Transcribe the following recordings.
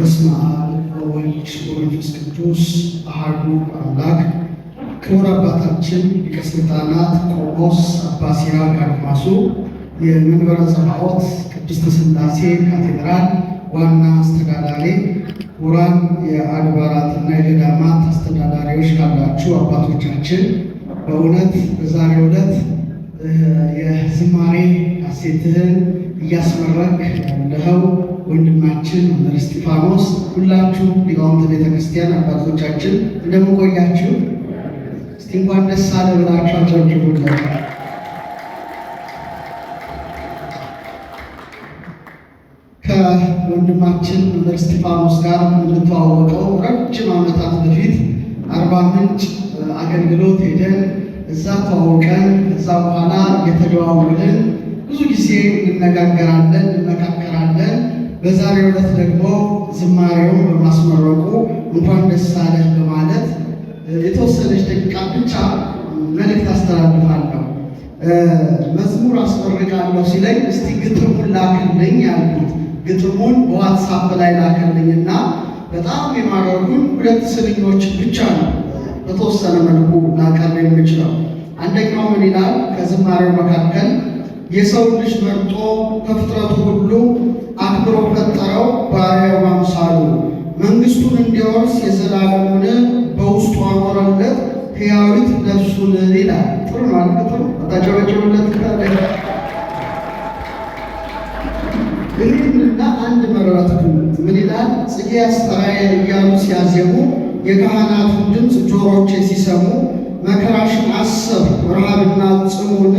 በስመ አብ ወወልድ ወመንፈስ ቅዱስ አሐዱ አምላክ። ክቡር አባታችን ሊቀ ሥልጣናት ቆሞስ አባ ሲራክ አድማሱ የመንበረ ጸባዖት ቅድስተ ሥላሴ ካቴድራል ዋና አስተዳዳሪ፣ ክቡራን የአድባራትና የገዳማት አስተዳዳሪዎች ካላችሁ አባቶቻችን በእውነት በዛሬው ዕለት የዝማሬ ሐሴትህን እያስመረክ ያለኸው ወንድማችን መምህር እስጢፋኖስ፣ ሁላችሁ ሊቃውንተ ቤተክርስቲያን አባቶቻችን እንደምን ቆያችሁ? እስቲ እንኳን ደስ አለ ብላችሁ አጨብጭቡ። ከወንድማችን መምህር እስጢፋኖስ ጋር የምንተዋወቀው ረጅም ዓመታት በፊት አርባ ምንጭ አገልግሎት ሄደን እዛ ተዋውቀን እዛ በኋላ የተደዋወልን ብዙ ጊዜ እንነጋገራለን መካ በዛሬ ዕለት ደግሞ ዝማሬውን በማስመረቁ እንኳን ደስ አለህ በማለት የተወሰነች ደቂቃ ብቻ መልእክት አስተላልፋለሁ። መዝሙር አስመርቃለሁ ሲለኝ እስቲ ግጥሙን ላክልኝ ያልኩት ግጥሙን በዋትሳፕ ላይ ላክልኝና በጣም የማረጉኝ ሁለት ስንኞች ብቻ ነው በተወሰነ መልኩ ላቀርብ የምችለው። አንደኛው ምን ይላል? ከዝማሬው መካከል የሰው ልጅ መርጦ ከፍጥረቱ ሁሉ አክብሮ ፈጠረው ባሪያው አምሳሉ መንግስቱን እንዲወርስ የዘላለሙን በውስጡ አኖረለት ሕያዊት ነፍሱን ይላል። ጥሩ ማለት ነው። ክታለ ግሪንና አንድ መራት ምን ይላል? ጽጌ አስተራየን እያሉ ሲያዜሙ የካህናቱን ድምፅ ጆሮቼ ሲሰሙ መከራሽን አሰብ ረሃብና ጽሙን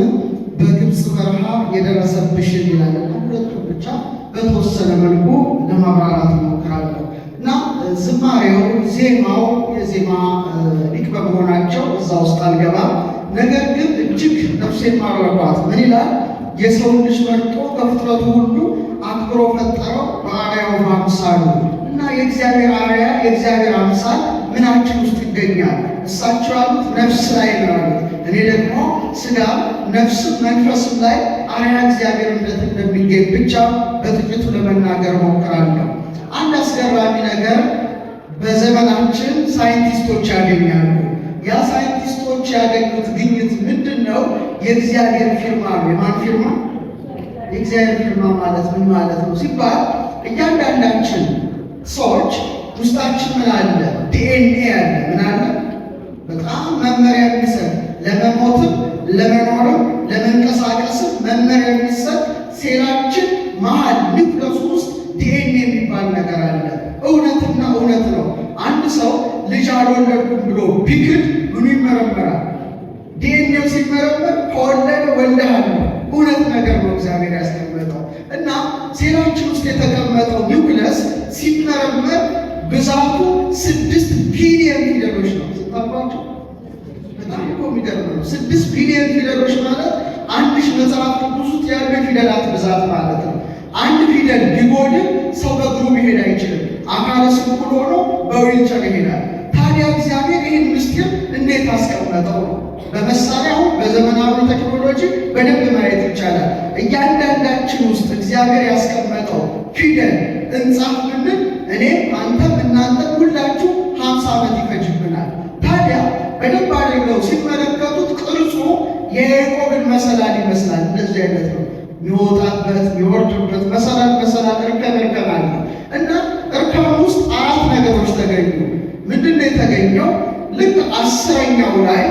በግብፅ በረሃ የደረሰብሽን ይላል። ሁለቱ ብቻ በተወሰነ መልኩ ለማብራራት እሞክራለሁ እና ዝማሬው፣ ዜማው የዜማ ሊቅ በመሆናቸው እዛ ውስጥ አልገባም። ነገር ግን እጅግ ነፍሴን ማረኳት ምን ይላል? የሰው ልጅ መርጦ ከፍጥረቱ ሁሉ አክብሮ ፈጠረው በአርያው አምሳሉ እና የእግዚአብሔር አርያ የእግዚአብሔር አምሳል ምናችን ውስጥ ይገኛል። እሳቸው ያሉት ነፍስ ላይ ነው ያሉት እኔ ደግሞ ስጋም ነፍስም መንፈስም ላይ እግዚአብሔር እግዚአብሔርነት እንደሚገኝ ብቻ በጥቂቱ ለመናገር ሞክራለሁ። አንድ አስገራሚ ነገር በዘመናችን ሳይንቲስቶች ያገኛሉ። ያ ሳይንቲስቶች ያገኙት ግኝት ምንድን ነው? የእግዚአብሔር ፊርማ ነው። የማን ፊርማ? የእግዚአብሔር ፊርማ ማለት ምን ማለት ነው ሲባል እያንዳንዳችን ሰዎች ውስጣችን ምን አለ? ዲኤንኤ አለ። ምን አለ? በጣም መመሪያ የሚሰጥ ለመሞትም ለመኖርም ለመንቀሳቀስም መመሪያ የሚሰጥ ሴራችን መሀል ኒውክለስ ውስጥ ዲኤን የሚባል ነገር አለ። እውነትና እውነት ነው። አንድ ሰው ልጅ አልወለድኩም ብሎ ቢክድ ምኑ ይመረመራል? ዲኤንኤው ሲመረመር ከወለደ ወልደሃል ነው። እውነት ነገር ነው እግዚአብሔር ያስቀመጠው እና ሴራችን ውስጥ የተቀመጠው ኒውክለስ ሲመረመር ብዛቱ ስድስት ቢሊየን ፊደሎች ነው ስታባቸው በጣም እኮ የሚገርም ነው። ስድስት ቢሊዮን ፊደሎች ማለት አንድ ሺህ መጽሐፍ ቅዱስ ውስጥ ያሉ ፊደላት ብዛት ማለት ነው። አንድ ፊደል ቢጎድል ሰው በእግሩ መሄድ አይችልም። አካለ ስንኩል ሆኖ በዊልቸር ይሄዳል። ታዲያ እግዚአብሔር ይህን ምስጢር እንዴት አስቀመጠው በመሳሪያው በዘመናዊ ቴክኖሎጂ በደንብ ማየት ይቻላል። እያንዳንዳችን ውስጥ እግዚአብሔር ያስቀመጠው ፊደል እንጻፍ ብንል እኔም አንተም እናንተም ሁላችሁ ሀምሳ ዓመት ይፈጅ ሲመለከቱት ቅርጹ የያዕቆብን መሰላል ይመስላል። እንደዚህ አይነት ነው የሚወጣበት የሚወርድበት መሰላል መሰላል እርከን እርከን አለ እና እርከን ውስጥ አራት ነገሮች ተገኙ። ምንድን ነው የተገኘው? ልክ አስረኛው ላይ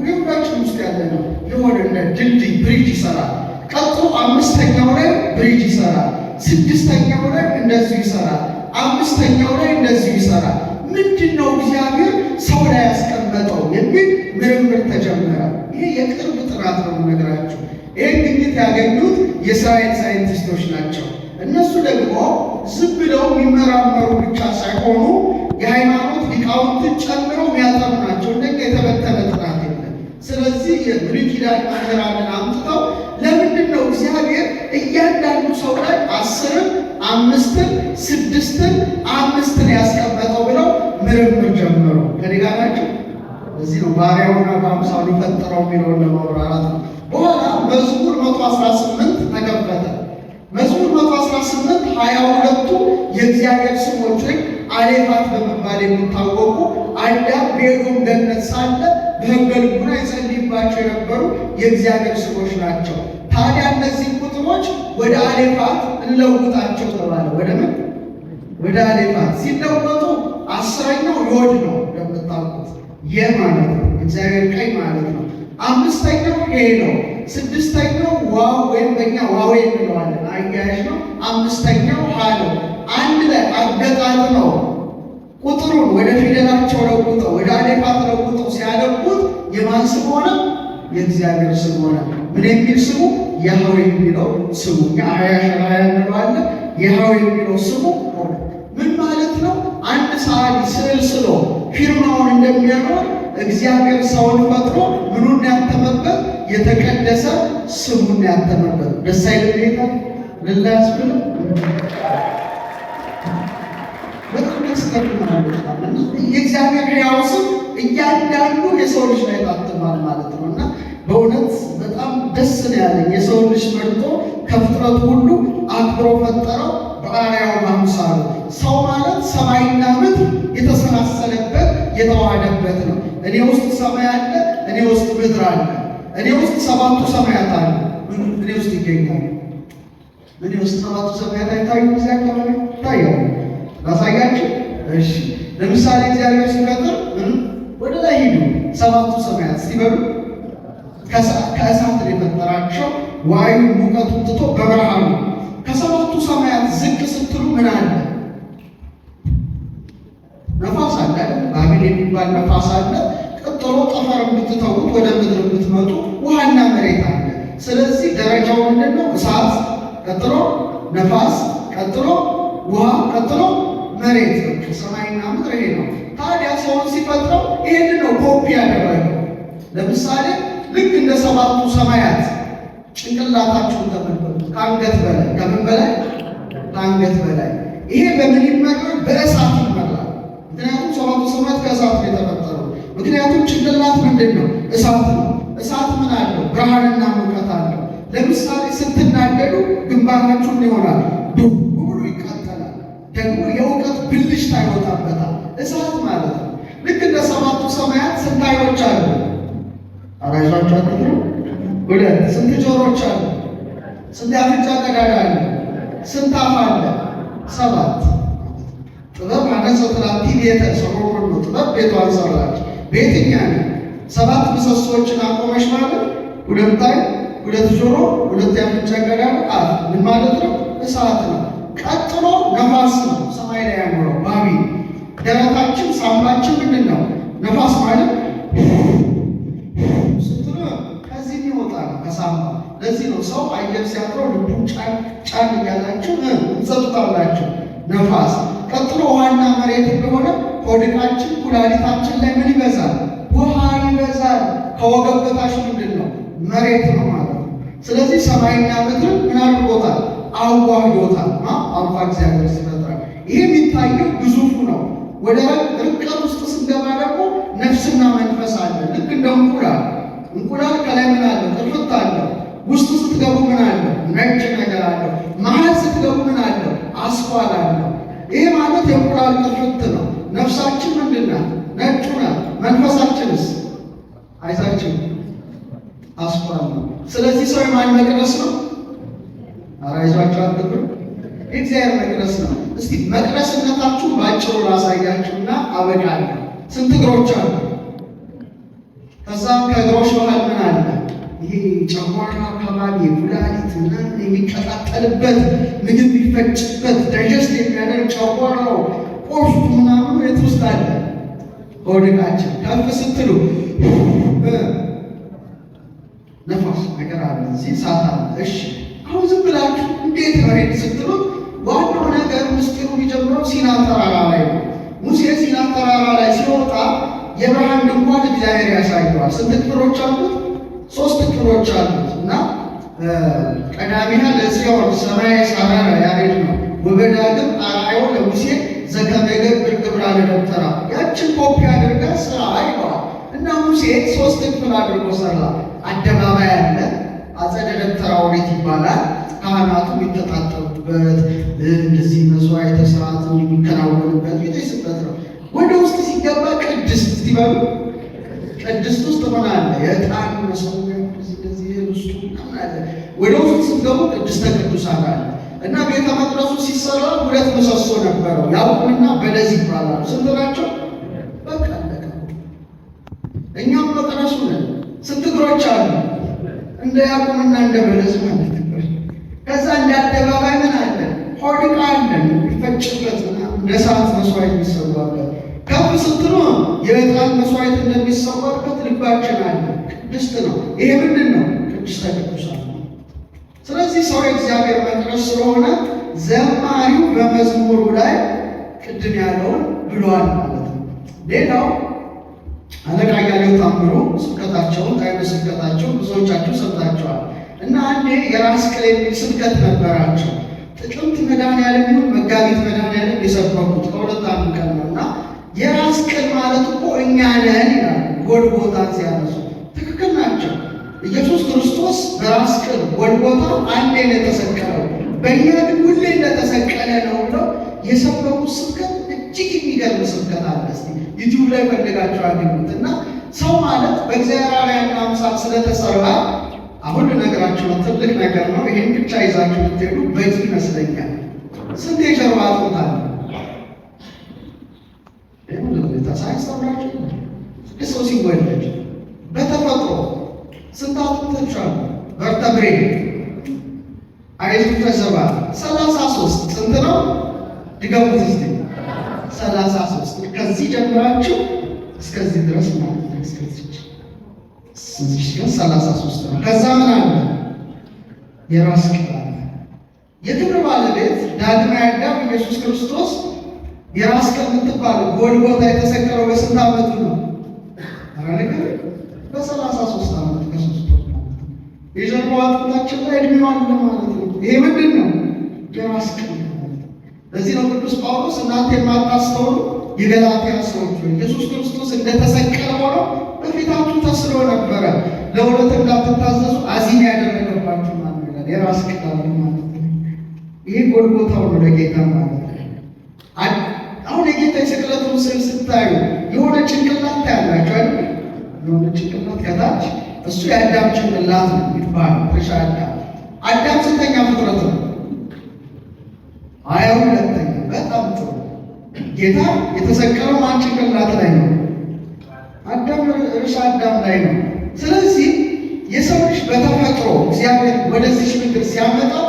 ሁለታችን ውስጥ ያለ ነው የሆነ ድልድይ ብሪጅ ይሰራል። ቀጥሎ አምስተኛው ላይ ብሪጅ ይሰራል። ስድስተኛው ላይ እንደዚሁ ይሰራል። አምስተኛው ላይ እንደዚሁ ይሰራል። ምንድን ነው እግዚአብሔር ሰው ላይ ያስቀመጠው የሚል ምርምር ተጀመረ። ይሄ የቅርብ ጥናት ነው የምነግራችሁ። ይህ ግኝት ያገኙት የእስራኤል ሳይንቲስቶች ናቸው። እነሱ ደግሞ ዝም ብለው የሚመራመሩ ብቻ ሳይሆኑ የሃይማኖት ሊቃውንትን ጨምረው የሚያጠኑ ናቸው። እንደ የተበተነ ጥናት የለም። ስለዚህ የብሉይ ኪዳን መምህራንን አምጥተው ለምንድን ነው እግዚአብሔር እያንዳንዱ ሰው ላይ አስርም አምስትን ስድስትን አምስትን ያስቀመጠው ብለው ከመምህር ጀምሮ ከኔ ጋር ናቸው። እዚህ ነው ባሪያውና በአምሳሉ ፈጠረው የሚለውን ለማብራራት ነው። በኋላ መዝሙር መቶ አስራ ስምንት ተከፈተ። መዝሙር መቶ አስራ ስምንት ሀያ ሁለቱ የእግዚአብሔር ስሞች ወይም አሌፋት በመባል የሚታወቁ አዳ በኤዶም ገነት ሳለ በሕገ ልቡና ይጸልይባቸው የነበሩ የእግዚአብሔር ስሞች ናቸው። ታዲያ እነዚህ ቁጥሮች ወደ አሌፋት እንለውጣቸው ተባለ። ወደ ምን ወደ አሌፋት ሲለወጡ አስረኛው ዮድ ነው የምታውቁት፣ የ ማለት ነው እግዚአብሔር ቀኝ ማለት ነው። አምስተኛው ሄ ነው። ስድስተኛው ዋው ወይም በእኛ ዋው እንለዋለን፣ አያያዥ ነው። አምስተኛው ሀ ነው። አንድ ላይ ነው። ቁጥሩን ወደ ፊደላቸው ለውጠው ወደ አሌፋት ለውጠው ሲያደርጉት የማን ስም ሆነ? የእግዚአብሔር ስም ሆነ። ምን የሚል ስሙ? የሀው የሚለው ስሙ አያያዥ ሀ እንለዋለን። የሀው የሚለው ስሙ ሆነ ሰዓሊ ስዕል ስሎ ፊርማውን እንደሚያኖር እግዚአብሔር ሰውን ፈጥሮ ምኑን ያተመበት የተቀደሰ ስሙን ያተመበት ደስ አይልም? ጌታ ልላስ ብሎ በጣም ደስ የእግዚአብሔር ሕያው ስም እያንዳንዱ የሰው ልጅ ላይ ማለት ነው እና በእውነት በጣም ደስ ነው ያለኝ የሰው ልጅ መርጦ ከፍጥረቱ ሁሉ አክብሮ ፈጠረው። በአርያው በአምሳሉ ሰው ማለት ሰማይና ምድር የተሰናሰለበት የተዋሃደበት ነው። እኔ ውስጥ ሰማይ አለ፣ እኔ ውስጥ ምድር አለ፣ እኔ ውስጥ ሰባቱ ሰማያት አለ። እኔ ውስጥ ይገኛል። እኔ ውስጥ ሰባቱ ሰማያት አይታዩ ጊዜ አካባቢ ይታያሉ። ላሳያችሁ። እሺ፣ ለምሳሌ እግዚአብሔር ሲፈጥር ወደ ላይ ሂዱ ሰባቱ ሰማያት ሲበሉ ከእሳት የፈጠራቸው ዋዩ ሙቀቱን ትቶ በብርሃኑ ስትሉ ምን አለ? ነፋስ አለ፣ ባቢል የሚባል ነፋስ አለ። ቀጥሎ ጠፈር የምትተዉት ወደ ምድር የምትመጡ ውሃና መሬት አለ። ስለዚህ ደረጃው ምንድን ነው? እሳት፣ ቀጥሎ ነፋስ፣ ቀጥሎ ውሃ፣ ቀጥሎ መሬት ነው። ሰማይና ምድር ይሄ ነው። ታዲያ ሰውን ሲፈጥረው ይህን ነው ኮፒ ያደረገው። ለምሳሌ ልክ እንደ ሰባቱ ሰማያት ጭንቅላታችሁን ተመልከቱ። ከአንገት በላይ ከምን በላይ ከአንገት በላይ ይሄ በምን ይመራል? በእሳት ይመራል። ምክንያቱም ሰባቱ ሰማያት ከእሳት ነው የተፈጠረው። ምክንያቱም ጭንቅላት ምንድን ነው? እሳት ነው። እሳት ምን አለው? ብርሃንና ሙቀት አለው። ለምሳሌ ስትናደዱ ግንባራችሁን ይሆናል ዱብ ብሎ ይቃጠላል። ደግሞ የእውቀት ብልሽታ ይወጣበታል። እሳት ማለት ነው። ልክ እንደ ሰባቱ ሰማያት ስንት ዓይኖች አሉ? አራይዟቸው አጥሩ ሁለት ስንት ጆሮች አሉ? ስንት አፍንጫ ቀዳዳ አለ? ስንት አፍ አለ? ሰባት። ጥበብ አነሰ ትላቲ ቤተ ሰሮ ሁሉ ጥበብ ቤቷን ሰራች። ቤትኛ ሰባት ምሰሶዎችን አቆመች ማለት ሁለት ዓይን፣ ሁለት ጆሮ፣ ሁለት የአፍንጫ ቀዳዳ አፍ ምን ማለት ነው? እሳት ነው። ቀጥሎ ነፋስ ነው። ሰማይ ላይ ያኖረው ባቢ ደረታችን፣ ሳምባችን ምንድን ነው? ነፋስ ማለት ይሰጣል ከሳምባ ለዚህ ነው ሰው አየር ሲያጥረው ልቡ ጫን ጫን እያላችሁ እንጸጥታላችሁ ነፋስ ቀጥሎ ውሃና መሬት እንደሆነ ሆድቃችን ኩላሊታችን ላይ ምን ይበዛል ውሃ ይበዛል ከወገብ በታች ምንድን ነው መሬት ነው ማለት ነው ስለዚህ ሰማይና ምድር ምን አድርጎታል አዋህዶታል አልፋ እግዚአብሔር ሲፈጥረን ይህ የሚታየው ግዙፉ ነው ወደ ርቀት ውስጥ ስንገባ ደግሞ ነፍስና መንፈስ አለ ልክ እንደ እንቁላል እንቁላል ከላይ ምን አለው? ጥፍት አለው። ውስጡ ስትገቡ ምን አለው? ነጭ ነገር አለው። መሀል ስትገቡ ምን አለው? አስኳል አለው። ይህ ማለት የእንቁላል ጥፍት ነው። ነፍሳችን ምንድን ናት? ነጩ ናት። መንፈሳችንስ? አይዛችን አስኳል ነው። ስለዚህ ሰው የማን መቅደስ ነው? አራይዟቸው አይዟቸው አትብሉ። መቅደስ ነው። እስቲ መቅደስነታችሁ ባጭሩ ላሳያችሁና አበቃለሁ። ስንት እግሮች አሉ? ከዛም ከእግሮች መሃል ምን አለ? ይሄ ጨጓራ አካባቢ ኩላሊት ምናምን የሚቀጣጠልበት ምግብ የሚፈጭበት ዳይጀስት የሚያደርግ ጨጓራው ቆፍ ምናምኑ የት ውስጥ አለ? በወደቃችን ከፍ ስትሉ ነፋስ ነገር አለ እዚህ ሳታ እሺ አሁን ዝም ብላችሁ እንዴት መሬት ስትሉት ዋናው ነገር ምስጢሩ የሚጀምረው ሲና ተራራ ላይ ነው። ሙሴ ሲና ተራራ ላይ ሲወጣ የብርሃን ድንኳን እግዚአብሔር ያሳየዋል። ስንት ክፍሎች አሉት፣ ሶስት ክፍሎች አሉት እና ቀዳሚና ለጽዮን ሰማይ ሳራ ያሬድ ነው። ወበዳግም አርአዮ ለሙሴ ዘከመገብር ግብራ ለደብተራ ያችን ኮፒ አድርጋ ስራ ይለዋል እና ሙሴ ሶስት ክፍል አድርጎ ሰራ። አደባባይ አለ፣ አጸደ ደብተራ ኦሪት ይባላል። ካህናቱ የሚተጣጠሩበት እንደዚህ መስዋዕተ ስርዓት ቤተ ቤተስበት ነው። ወደ ውስጥ ሲ ሲበሉ ቅድስት ውስጥ ሆነ አለ የዕጣን መሰዊያ እንደዚህ ውስጡ ምናምን አለ። ወደ ውስጥ ስንገቡ ቅድስተ ቅዱሳን አለ እና ቤተ መቅደሱ ሲሰራ ሁለት ምሰሶ ነበረው። ያቡንና በለስ ይባላሉ። ስንት ናቸው? በቃ አለቀ። እኛም መቅደሱ ነን። ስንት እግሮች አሉ? እንደ ያቁምና እንደ በለዝ ማለት ነው። ከዛ እንደ አደባባይ ምን አለ? ሆድቃ አለን ፈጭበት ምናምን ለሰዓት መስዋዕት የሚሰዋለ ከፍ ስትሉ የእጣን መስዋዕት እንደሚሰዋበት ልባችን አለ። ቅድስት ነው። ይሄ ምንድን ነው? ቅድስተ ቅዱሳን ነው። ስለዚህ ሰው የእግዚአብሔር መቅደስ ስለሆነ ዘማሪው በመዝሙሩ ላይ ቅድም ያለውን ብሏል ማለት ነው። ሌላው አለቃ ያለው ታምሮ ስብከታቸውን ከአይነ ስብከታቸውን ብዙዎቻቸው ሰምታቸዋል እና አንዴ የራስ ቅል የሚል ስብከት ነበራቸው። ጥቅምት መድኃኔዓለም ይሁን መጋቢት መድኃኔዓለም የሰበኩት ከሁለት አንድ ቀን ነው እና መስቀል ማለት እኮ እኛ ነን ይላል። ጎልጎታን ሲያነሱ ትክክል ናቸው። ኢየሱስ ክርስቶስ በራስ ቅል ጎልጎታ አንዴ እንደተሰቀለው በእኛ ግን ሁሌ እንደተሰቀለ ነው ብለው የሰበኩት ስብከት እጅግ የሚገርም ስብከት አለ። እስኪ ዩቲዩብ ላይ ፈልጋቸው አገኙት እና ሰው ማለት በእግዚአብሔር አምሳል ስለተሰራ አሁን ልነግራችሁ ነው። ትልቅ ነገር ነው። ይህን ብቻ ይዛችሁ ብትሄዱ በቂ ይመስለኛል። ስንት የጀርባ አጥንት አለ ሳያስተምራቸው ሰው ሲወለድ በተፈጥሮ ስንታቶቻሉ በርተብሬ አይዙ ተሰባ ሰላሳ ሶስት ስንት ነው? ድገሙት እስቲ ሰላሳ ሶስት ከዚህ ጀምራችሁ እስከዚህ ድረስ ሰላሳ ሶስት ነው። ከዛ ምን አለ? የራስ ቅል የክብር ባለቤት ዳግማዊ አዳም ኢየሱስ ክርስቶስ የራስ ከምትባል ጎልጎታ የተሰቀለው በስንት ዓመቱ ነው? አረልከ በሰላሳ ሶስት ዓመት ከሶስት ወር የጀርባው አጥንታችን ላይ እድሜዋ ማለት ነው። ይሄ ምንድን ነው? የራስ ቅል ለዚህ ነው ቅዱስ ጳውሎስ እናንተ የማታስተውሉ የገላትያ ሰዎች ኢየሱስ ክርስቶስ እንደተሰቀለ ሆኖ በፊታችሁ ተስሎ ነበረ፣ ለሁለት እንዳትታዘዙ አዚም ያደረገባችሁ ማለት ነው። የራስ ቅል ማለት ነው። ይሄ ጎልጎታው ነው ለጌታ ማለት ነው። አሁን የጌታ የስቅለቱን ምስል ስታዩ የሆነ ጭንቅላት ታያላቸው። አይደል? የሆነ ጭንቅላት ከታች እሱ የአዳም ጭንቅላት ነው የሚባለው። ሻ አዳም አዳም ስንተኛ ፍጥረት ነው? ሀያ ሁለተኛ በጣም ጥሩ። ጌታ የተሰቀለው ማን ጭንቅላት ላይ ነው? አዳም ርዕሰ አዳም ላይ ነው። ስለዚህ የሰው ልጅ በተፈጥሮ እግዚአብሔር ወደዚህ ምድር ሲያመጣው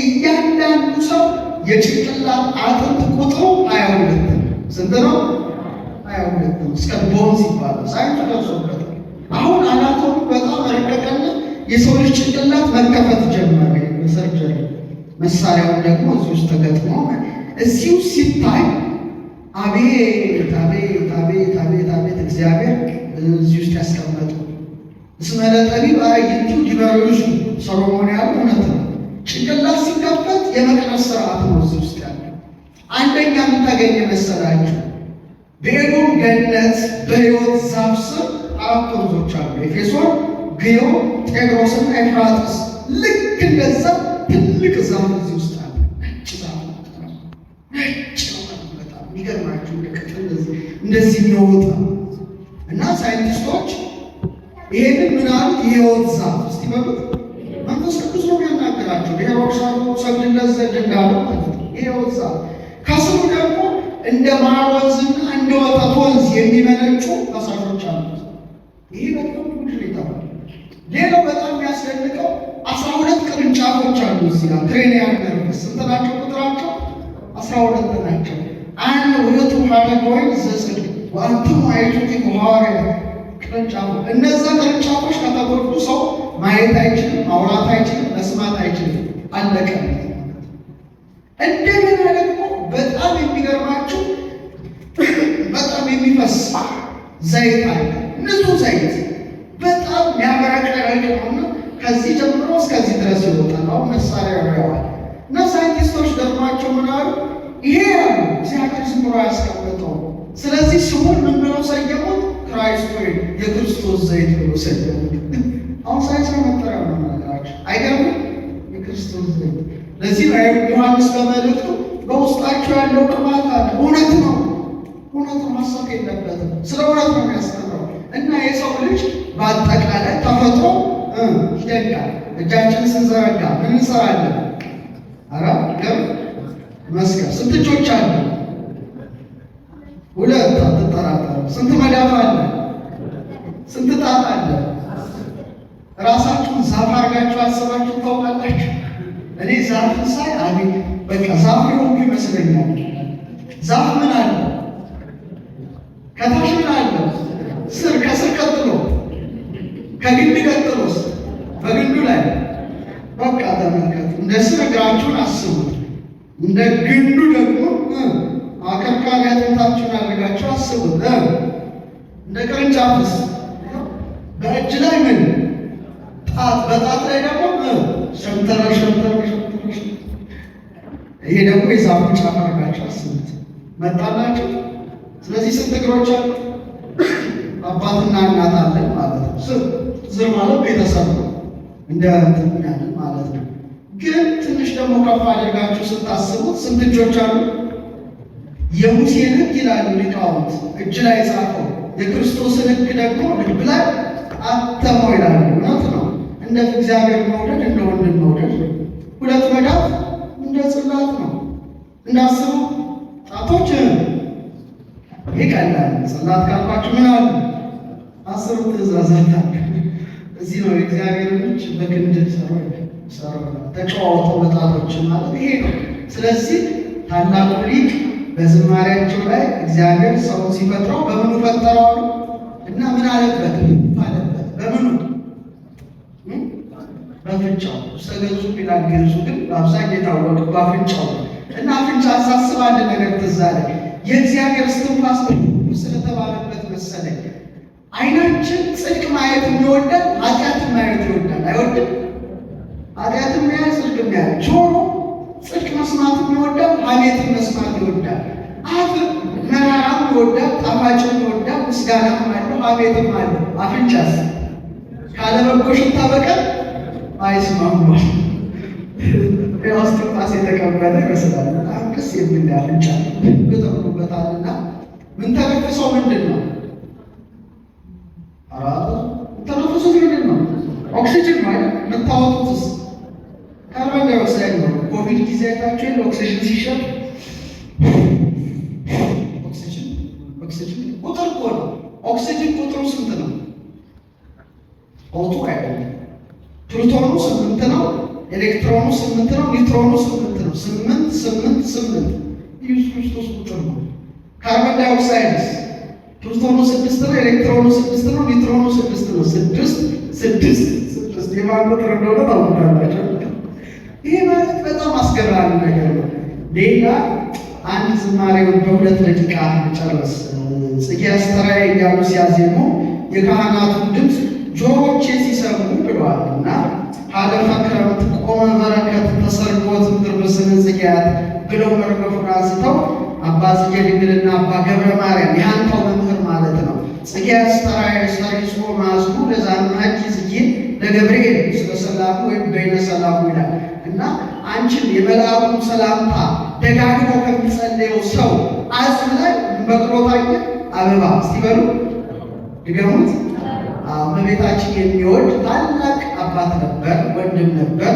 እያንዳንዱ ሰው የጭንቅላት አጥንት ቁጥሩ ሀያ ሁለት ነው። ስንት ነው? ሀያ ሁለት ነው። እስከ ቦንዝ ይባላል። ሳይንሱ ደርሶበታል። አሁን አናቶሚ በጣም ረቀቀና የሰው ልጅ ጭንቅላት መከፈት ጀመረ። መሰርጀሪ መሳሪያውን ደግሞ እዚህ ውስጥ ተገጥሞ እዚሁ ሲታይ አቤት አቤት አቤት አቤት አቤት እግዚአብሔር እዚህ ውስጥ ያስቀመጡ እስመለጠቢ በአይቱ ሊበረሱ ሰሎሞን ያሉ እውነት ነው ጭንቅላት ሲከፈት የመቅረብ ስርዓት ነው እዚህ ውስጥ ያለ። አንደኛ የምታገኝ መሰላችሁ በኤዶም ገነት በሕይወት ዛፍ ስር አራት ወንዞች አሉ፣ ኤፌሶን፣ ግዮ፣ ጤግሮስና ኤፍራጥስ። ልክ እንደዛ ትልቅ ዛፍ እዚህ ውስጥ አለ። ነጭ ዛፍ ነጭ በጣም የሚገርማችሁ ልቅት እንደዚህ የሚወጣ እና ሳይንቲስቶች ይህንን ምናምን የሕይወት ዛፍ እስቲ ሰግድነት ዘንድ እንዳሉ ማለት ነው። ይሄ ወንዝ ከስሩ ደግሞ እንደ ማር ወንዝና እንደ ወተት ወንዝ የሚመነጩ ፈሳሾች አሉት። ይህ በጣም ምድር ይተባል። ሌላው በጣም የሚያስደንቀው አስራ ሁለት ቅርንጫፎች አሉ ሲላ ትሬን ነርቭስ ስንት ናቸው? ቁጥራቸው አስራ ሁለት ናቸው። አንድ ሁለቱ ሀረግ ወይም ዘጽድቅ ወአንቱ አይቱኒ ሐዋርያ ቅርንጫፎ እነዛ ቅርንጫፎች ከተጎዱ ሰው ማየት አይችልም፣ ማውራት አይችልም፣ መስማት አይችልም። አለቀለት። እንደገና ደግሞ በጣም የሚገርማችሁ በጣም የሚፈስ ዘይት አለ፣ ንጹህ ዘይት በጣም ያበረቀረቅ ነውና ከዚህ ጀምሮ እስከዚህ ድረስ ይወጣል። አሁን መሳሪያ ያዋል እና ሳይንቲስቶች ደግማቸው ምናሉ ይሄ እግዚአብሔር ዝም ብሎ ያስቀምጠው። ስለዚህ ስሙን ምን ብለው ሰየሙት? ክራይስቶ የክርስቶስ ዘይት ብሎ ሰየሙት። አሁን ሳይንስ ክርስቶስ ነው። ለዚህ ዮሐንስ በመልእክቱ በውስጣቸው ያለው ቅባት አለ። እውነት ነው፣ እውነት ማሳቅ የለበትም። ስለ እውነት ነው የሚያስተምረው እና የሰው ልጅ በአጠቃላይ ተፈጥሮ ይደጋል። እጃችን ስንዘረጋ ምን እንሰራለን? አራ ገብ መስከር ስንት እጆች አለ? ሁለት። አትጠራጠሩ። ስንት መዳፍ አለ? ስንት ጣት አለ? ራሳችሁን ዛፍ አድርጋችሁ አስባችሁ ታውቃላችሁ? እኔ ዛፍ ሳይ አቤት በቃ ዛፍ የሆንኩ ይመስለኛል። ዛፍ ምን አለ? ከታች ምን አለ? ስር ከስር ቀጥሎ ከግንድ ቀጥሎስ በግንዱ ላይ በቃ ተመልከቱ። እንደ ስር እግራችሁን አስቡ፣ እንደ ግንዱ ደግሞ አከርካሪ አጥንታችሁን አድርጋችሁ አስቡ እንደ ቅርንጫፍስ በእጅ ላይ ምን ጣት፣ በጣት ላይ ደግሞ ሸምተራ ሸምተራ ሸምተራ ይሄ ደግሞ የዛፉ ጫፍ አድርጋችሁ አስቡት። መጣላችሁ። ስለዚህ ስንት እግሮች አሉ? አባትና እናት አለን ማለት ነው። ስር ማለት ቤተሰብ ነው፣ እንደ እንትን ያለን ማለት ነው። ግን ትንሽ ደግሞ ከፍ አድርጋችሁ ስታስቡት ስንት እጆች አሉ? የሙሴን ሕግ ይላሉ ሊቃውንት እጅ ላይ ጻፈው፣ የክርስቶስን ሕግ ደግሞ ልብ ላይ አተመው ይላሉ። እንደ እግዚአብሔር መውደድ እንደ ወንድም መውደድ ሁለት መዳፍ እንደ ጽላት ነው። እንዳስቡ ጣቶች ይቀላል። ጽላት ካልኳችሁ ምን አሉ? አስሩ ትእዛዛት እዚህ ነው የእግዚአብሔር ልጅ በክንድ ሰሩ በጣቶች ማለት ይሄ ነው። ስለዚህ ታላቁ ሊቅ በዝማሬያቸው ላይ እግዚአብሔር ሰውን ሲፈጥረው በምኑ ፈጠረዋሉ እና ምን አለበት አለበት በምኑ በአፍንጫው ውስጥ ገዙ ይላል። ገጹ ግን በአብዛኛው የታወቀ በአፍንጫው እና አፍንጫ አሳስብ አንድ ነገር ትዝ አለኝ። የእግዚአብሔር እስትንፋስ ስለተባለበት መሰለኝ አይናችን ጽድቅ ማየት ይወዳል፣ ኃጢአት ማየት ይወዳል። አይወድም? ኃጢአት ያያል፣ ጽድቅ ያያል። ጆሮ ጽድቅ መስማት ይወዳል፣ ሐሜትን መስማት ይወዳል። አፍ መራራም ይወዳል፣ ጣፋጭም ይወዳል፣ ምስጋናም አለው፣ ሐሜትም አለው። አፍንጫስ ካለመጎሽታ በቀር አይስማማም። ውስጥ ጣስ የተቀመጠ ይመስላል። በጣም ክስ የሚንዳል እንጫ ብጠሩበታል እና ምን ተነፍሶ ምንድን ነው አራቱ ተነፍሱት ምንድን ነው? ኦክሲጅን ማለት የምታወጡትስ ካርቦን ዳይኦክሳይድ ነው። ኮቪድ ጊዜ አይታችሁ ኦክሲጅን ሲሸጥ ኦክሲጅን ኦክሲጅን ቁጥር እኮ ነው። ኦክሲጅን ቁጥሩ ስንት ነው? ኦቱ አይደለም ፕሮቶኑ ስምንት ነው። ኤሌክትሮኑ ስምንት ነው። ኒውትሮኑ ስምንት ነው። ስምንት ስምንት ስምንት ኢየሱስ ክርስቶስ ቁጥር ነው። ካርቦን ዳይኦክሳይድስ ፕሮቶኑ ስድስት ነው። ኤሌክትሮኑ ስድስት ነው። ኒውትሮኑ ስድስት ነው። ስድስት ስድስት ስድስት የማን ቁጥር እንደሆነ ታውቃላችሁ። ይህ ማለት በጣም አስገራሚ ነገር ነው። ሌላ አንድ ዝማሬውን በሁለት ደቂቃ ጨረስ ጽጌ አስተራዬ እያሉ ሲያዜሙ የካህናቱን ድምፅ ጆሮቼ ሲሰሙ ብለዋልና ሀገር ፈክረምት ቆመ በረከት ተሰርጎት ምድርብስን ጽጌያት ብለው መርገፉን አንስተው አባ ጽጌ ድንግልና አባ ገብረ ማርያም የሀንታው መምህር ማለት ነው። ጽጌያት ስተራዊ ሰሪሶ ማዝኑ ለዛም ጽጌ ለገብርኤል ስለ ሰላሙ ወይም በይነ ሰላሙ ይላል እና አንቺን የመልአኩን ሰላምታ ደጋግሞ ከሚጸለየው ሰው አጽም ላይ አበባ እስቲ ድገሙት እመቤታችን የሚወድ ታላቅ አባት ነበር፣ ወንድም ነበር።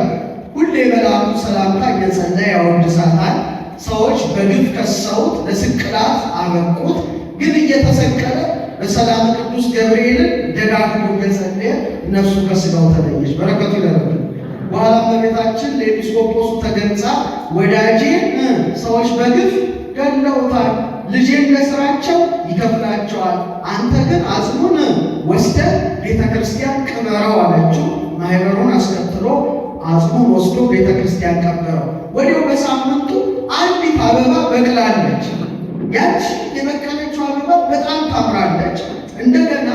ሁሌ በላቱ ሰላምታ እየጸና ያወድሳታል። ሰዎች በግፍ ከሰውት ለስቅላት አበቁት። ግን እየተሰቀለ በሰላም ቅዱስ ገብርኤልን ደጋግሞ እየጸለየ እነሱ ከስጋው ተለየች። በረከቱ ይደረብን። በኋላ እመቤታችን ለኤጲስቆጶሱ ተገልጻ ወዳጄ ሰዎች በግፍ ገለውታል፣ ልጄን ለስራቸው ይከፍላቸዋል፣ አንተ ግን አጽኑን ወስደ ቤተ ክርስቲያን ቅበረው አለችው። ማህበሩን አስከትሎ አጽሞ ወስዶ ቤተ ክርስቲያን ቀበረው። ወዲያው በሳምንቱ አንዲት አበባ በቅላለች። ያች የበቀለችው አበባ በጣም ታምራለች። እንደገና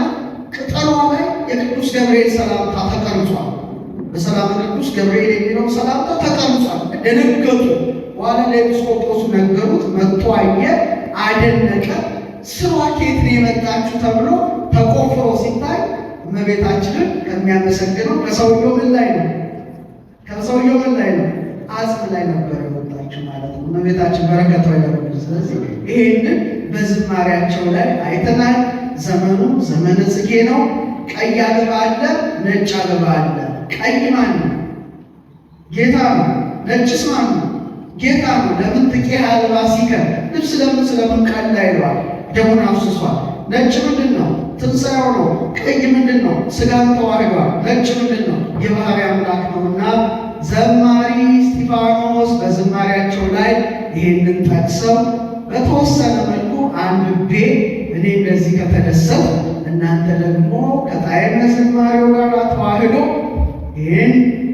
ቅጠሏ ላይ የቅዱስ ገብርኤል ሰላምታ ተቀርጿል። በሰላም ቅዱስ ገብርኤል የሚለው ሰላምታ ተቀርጿል። ደነገጡ። በኋላ ለኤጲስቆጶሱ ነገሩት። መጥቶ አየ፣ አደነቀ። ስሯ ከየት ነው የመጣችሁ ተብሎ ተቆፍሮ ሲታይ እመቤታችንን ከሚያመሰግነው ከሰውየው ምን ላይ ነው? ከሰውየው ምን ላይ ነው? አጽም ላይ ነበር የወጣችው ማለት ነው። እመቤታችን በረከቷ ያሉ። ስለዚህ ይህንን በዝማሪያቸው ላይ አይተናል። ዘመኑ ዘመነ ጽጌ ነው። ቀይ አበባ አለ፣ ነጭ አበባ አለ። ቀይ ማን ነው? ጌታ ነው። ነጭ ማን ነው? ጌታ ነው። ለምን ጥቄ አበባ ሲከር ልብስ ለምን ስለምን ቀላ ይለዋል። ደሙን አፍስሷል። ነጭ ምንድን ነው? ትንሣኤው ነው። ቀይ ምንድን ነው? ስጋን ተዋህዷል። ነጭ ምንድን ነው? የባህሪ አምላክ እና ዘማሪ እስጢፋኖስ በዝማሪያቸው ላይ ይህንን ጠቅሰው በተወሰነ መልኩ አንብቤ እኔ እንደዚህ ከተደሰት እናንተ ደግሞ ከጣይነት ዝማሬው ጋር ተዋህዶ ይህን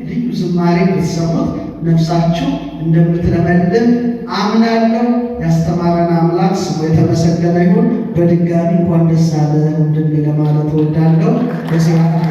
ልዩ ዝማሬ የተሰሙት ነፍሳችሁ እንደምትለመልም አምናለሁ። ያስተማረን አምላክ ስሙ የተመሰገነ ይሁን። በድጋሚ እንኳን ደስ አለ እንድንል ለማለት እወዳለሁ። በሰባት